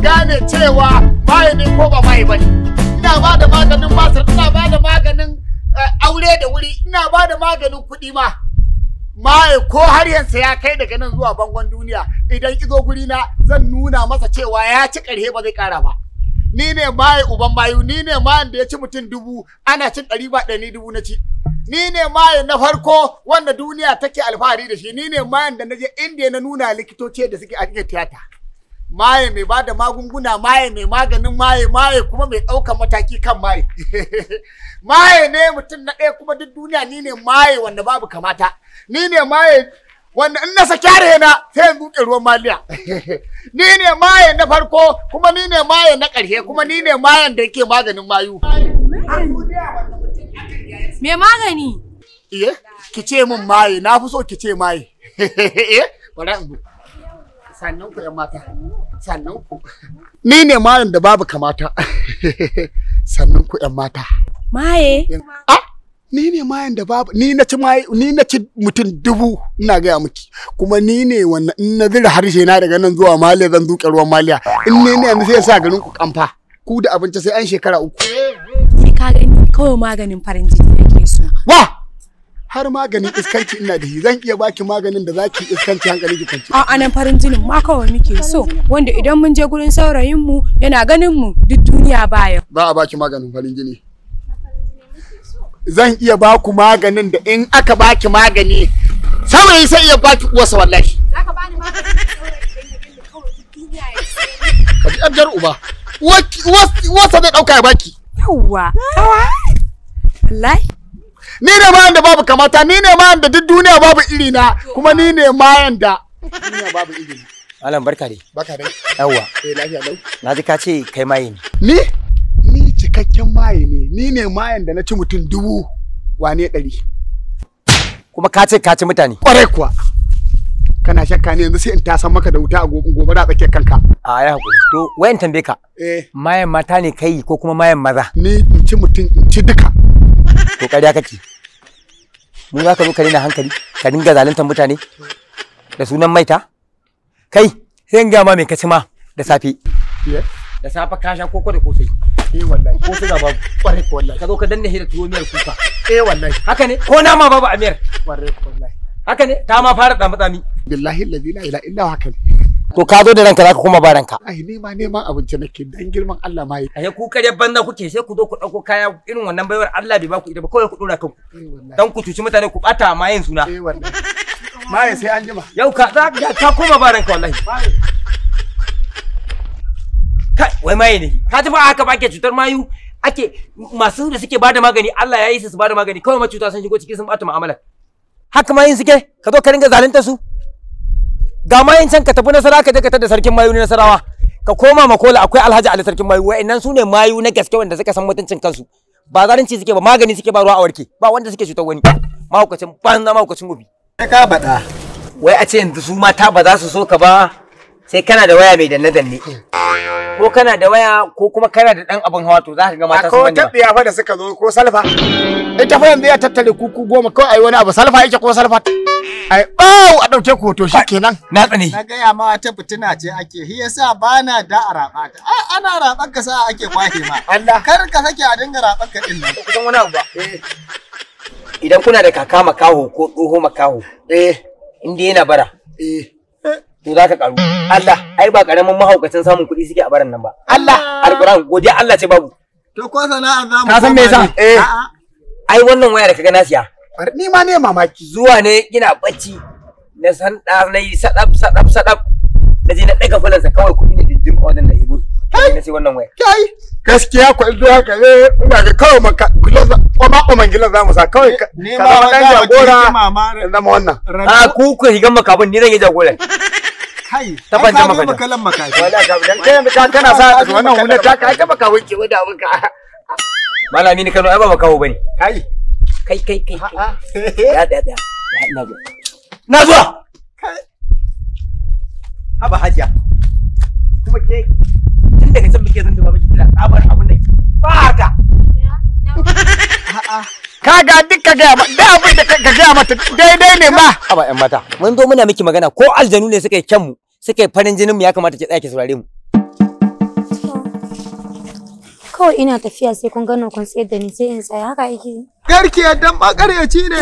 gane cewa maye ne ko ba maye bane ina ba da maganin masar ina ba da maganin eh, aure da wuri ina ba da maganin kuɗi ma maye ko har yansa ya kai daga nan zuwa bangon duniya idan izo guri na zan nuna masa cewa ya ci karhe ba zai kara ba ni ne maye uban mayu ni ne mayan da ya ci mutum dubu ana cin ɗari ba ɗari dubu na ci ni ne maye na farko wanda duniya take alfahari da shi ni ne mayan da na je indiya na nuna likitoci da suke a cikin tiyata maye mai ba da magunguna maye mai maganin maye maye kuma mai ɗaukar mataki kan maye maye ne mutum na ɗaya kuma duk duniya ni ne maye wanda babu kamata ni ne maye wanda in na saki na sai in duke ruwan maliya ni ne maye na farko kuma ni ne maye na ƙarshe kuma ni ne mayan da yake maganin mayu me magani iye eh, ki ce min maye na fi so ki ce maye eh bara in sannan ku mata sannan ku ni ne malam da babu kamata yan mata maye a ah, ni ne mayan da babu ni na ci ni na ci mutum dubu ina gaya miki kuma ni ne wannan in na zira harshe na daga nan zuwa maliya zan zuke ruwan maliya in ne ne yanzu sai sa garin ku kamfa ku da abinci sai an shekara uku sai ka gani kawai maganin farin jini yake so wa har maganin iskanci ina da shi zan iya baki maganin da zaki iskanci hankali ki kwanci a anan farin jinin ma kawai muke so wanda idan mun je gurin saurayin mu yana ganin mu duk duniya baya ba a baki maganin farin jini zan iya baku maganin da in aka baki magani saurayi sai iya baki uwarsa wallahi zaka bani maganin ka ji abjar uba uwarsa zai dauka ya baki yawwa wallahi ni ne ma yanda babu kamata ni ne ma yanda duk duniya babu iri na kuma ni ne ma yanda duniya babu iri Malam barka dai. Barka dai. Yawwa. Eh lafiya lau. Na ji ka ce kai maye ne. Ni? Ni cikakken maye ne. Ni ne mayan da na ci mutum dubu wane ɗari. Kuma ka ce ka ci mutane. Ƙwarai kuwa. Kana shakka ne yanzu sai in tasan maka da wuta a gobe da tsakiyar kanka. A ya hakuri. To wayan tambaye ka. Eh. Mayan mata ne kai ko kuma mayan maza? Ni in ci mutum in ci duka. To ƙarya kake. ni ma ka zo ka rena hankali ka dinga zaluntar mutane da sunan maita kai sai ga ma me ka ci ma da safe eh? da safe ka sha koko da kosai eh wallahi ko suga babu kware ko wallahi ka zo ka danne hira da tuwo miyar kuka eh wallahi haka ne ko nama babu amir. kware ko wallahi haka ne ta ma fara tsamu tsami billahi allazi la ilaha illa haka ne To ka zo da ranka zaka kuma ba ranka. Ai nema neman abinci nake dan girman Allah ma yi. Ai ku kare banda kuke sai ku zo ku dauko kaya irin wannan baiwar Allah bai ba ku ita ba kawai ku dora kanku. Eh, dan ku tuci mutane ku bata ma yin suna. Eh wallahi. Maye sai an jima. Yau ka za ka koma ba ranka wallahi. Kai wai maye ne. Ka tafi ba haka ba ke cutar mayu ake masu da suke bada magani Allah ya yi su su bada magani kawai ma cuta sun shigo cikin sun bata mu'amala. Haka ma yin suke ka zo ka ringa zalunta su. ga ma in can ka tafi nasara ka je ka tada sarkin mayu na nasarawa ka koma makola akwai alhaji ali sarkin mayu wa'annan su ne mayu na gaske wanda suka san mutuncin kansu ba zalunci suke ba magani suke ba ruwa a warke ba wanda suke cutar wani mahaukacin banza mahaukacin gobe ka bada wai a ce yanzu su mata ba za su so ka ba sai kana da waya mai danne danne ko kana da waya ko kuma kana da dan abin hawa to za ka ga mata sun bani ko tabbiya fa da suka zo ko salfa ita fa yanzu ya tattale kuku goma kawai ai wani abu salfa yake ko salfa ai bawo a dauke ku to shikenan na tsane na ga ya ma ta fitina ce ake hi yasa bana da araba ta ana raban ka sa ake kwahe ma Allah kar ka sake a dinga raban ka din nan kusan wani abu ba idan kuna da kaka makaho ko tsoho makaho eh inda yana bara eh to za ka karu Allah ai ba karamin mahaukacin samun kuɗi suke a baran nan ba Allah alquran godiya Allah ce babu to ko sana'a za mu ka san me yasa eh ai wannan waya da kaga na siya ni ma ne mamaki zuwa ne kina bacci na san da na yi sadab sadab sadab na je na daga fulansa kawai kuɗi ne dindin wajen da ibu kai na sai wannan waya kai gaskiya ko in zo haka ne eh, ina ga kawai maka ma kuma mangila gilan mu sa kawai ka zama dan jagora zama wannan a ah, ku ku higan makabun ni zan yi jagora kai taban jama makalan kalan makafi wallahi dan kai kana sa wannan ta kai ta baka wuce malami kano ai ba makawo bane kai kai kai kai ya da da na zuwa na zuwa haba hajiya kuma ke tun daga can muke zan duba miki kira da kaga duk ka gaya da abin da ka gaya mata daidai ne ma aba yan mata mun zo muna miki magana ko aljanu ne suka yi kyan mu suka yi farin jinin mu ya kamata ki tsaya ki saurare mu kawai ina tafiya sai kun gano kun tsayar da ni sai in tsaya haka yake garki dan makaryaci ne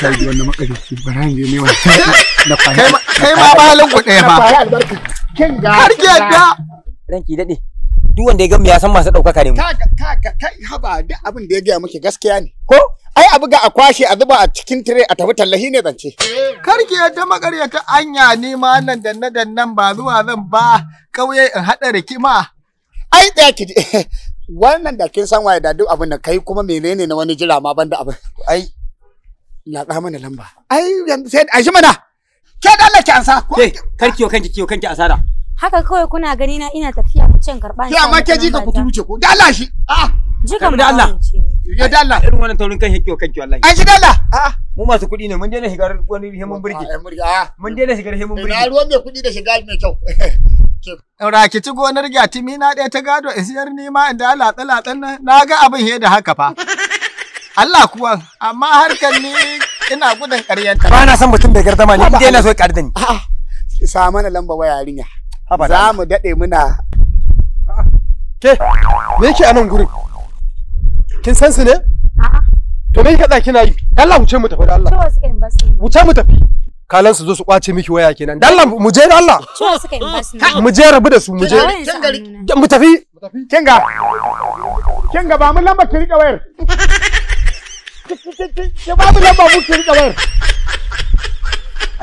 kai ji wannan makaryaci barayin ne wata na kai ma ba halin ku daya ba garki yadda ranki dade duk wanda ya gamu ya san masu ɗaukaka ne mu. Kaga kai haba duk abin da ya gaya muke gaskiya ne. Ko? Ai abu ga a kwashe a zuba a cikin tire a tafi tallahi ne zance. Karki ta makaryata anya ni ma nan da na dan nan ba zuwa zan ba ƙauye in haɗa rikima. Ai ɗaya ki wannan da kin san waye da duk abin da kai kuma menene na wani jira ma banda abin. Ai laƙa mana lamba. Ai yanzu sai a shi mana. Ke da Allah ki ansa. Ke karki yo kanki kiyo kanki asara. haka kawai kuna gani na ina tafiya can karɓa ki amma ke ji ka ku tuce ko da Allah shi a ah. jikan da Allah ya da Allah irin wannan taurin kan hikiyo kanki wallahi an shi da Allah a ah. mu masu kuɗi ne mun daina shigar wani hemun burge ah. mun daina shigar hemun burge na ruwan mai kuɗi da shiga mai kyau ci gonar gyatimi na ɗaya ta gado in siyar nima inda latsa-latsan nan na ga abin he da haka fa. Allah kuwa amma harkar ni ina gudun ƙaryanta. Ba na san mutum bai gardama ni inda yana so ƙarda ni. Sa mana lamba waya yarinya. za mu daɗe muna ke me yake a nan gurin kin san su ne to me kaɗa kina yi Allah wuce mu tafi da Allah wuce mu tafi kalan su zo su kwace miki waya kenan da Allah mu je da Allah mu je rabu da su mu je mu tafi kinga kinga ba mu lamba ki wayar ki ba mu lamba mu ki rika wayar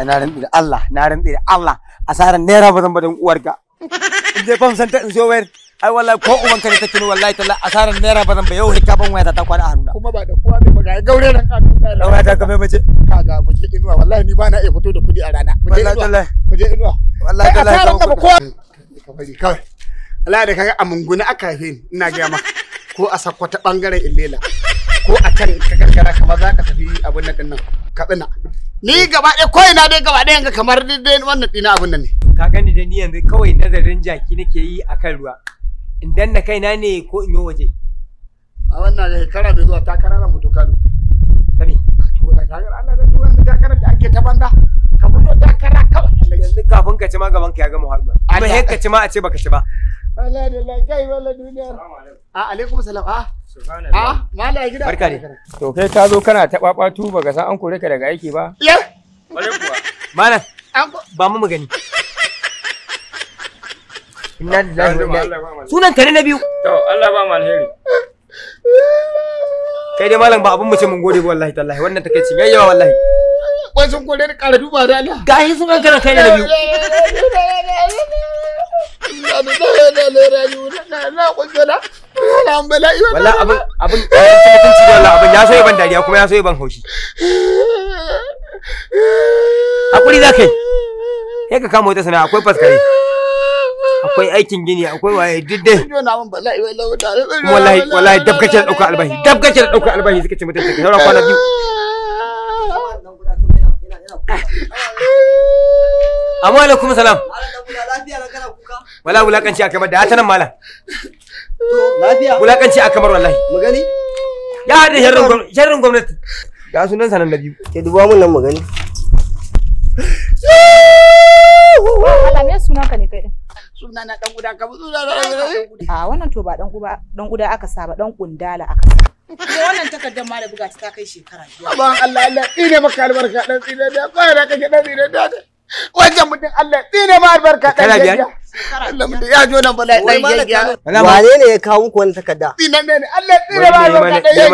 na rinɗi da Allah na rinɗi da Allah asaran naira ba zan ba dan uwarka in je fam santa in zo wayar ai wallahi ko uban ka ne take ni wallahi talla asaran naira ba zan ba yau hikka ban waya ta kwana a hannuna kuma ba da kowa ne ba ga gaure nan ka tuka la wata ka mai mace kaga mu je inuwa wallahi ni ba na iya fito da kudi a rana mu je inuwa mu je inuwa wallahi tallahi asaran ka ba kowa ka bari kawai Allah da kaga amunguna aka haife ni ina ga maka ko a sakkwata bangaren illela ko a can ka gargara kamar zaka tafi abin nan ka tsina ni gaba ɗaya ko ina dai gaba ɗaya kamar dai wannan ɗina abin nan ne ka gani da ni yanzu kawai nazarin jaki nake yi akan ruwa in danna kaina ne ko in yi waje a wannan shekara da zuwa takara na fito kano ta me ka tuwo da takara Allah da tuwo da takara da ake ta banza ka fito takara kawai yanzu kafin ka ci ma gaban ka ya gama haɗuwa kuma hekka ci ma a ce baka ci ba Allah da la kai wala duniya. A alaikum salam. Ah. Subhanallah. Ah, gida. Barka ne. To kai ka zo kana ta babatu baka san an kore ka daga aiki ba? Ya. Malam. Ba mu magani. Inna lillahi wa inna Sunan ka ne na biyu. To Allah ba mu alheri. Kai dai malam ba abun mace mun gode ba wallahi tallahi wannan takeicin yayyawa wallahi. Wai sun kore ni kara duba da Allah. Gahi sunan kan kana kai na biyu. abu na na na rayu na na kwangala ban hakuri za kai sai ka kama wata sana'a akwai faskare akwai aikin gini akwai waye duk wallahi dab da dauka albahi dab da dauka albahi suka ce mutunci ka kwana biyu Amma kuma salam. Wala wulakanci a kamar da hata nan malam. To lafiya. Wulakanci a kamar wallahi. Magani? Ya haɗe sharrin gwamnati. Ga sunan sanan na biyu. Ke duba mun nan magani. Malam ya suna ka ne kai din. Suna na dan guda ka suna na dan guda. A wannan to ba dan guda dan guda aka saba dan kundala aka saba. Ko wannan takardar ma da buga ta kai shekara. Ba Allah Allah ine maka albarka dan tsine da kai da kake dan tsine da. Wancan mutum Allah tsine ma albarka ɗan jajiya. Allah mutum ya jo nan bala'i ɗan jajiya. Wane ne ya kawo muku wani takarda? Tsinan ne Allah tsine ma albarka ɗan jajiya.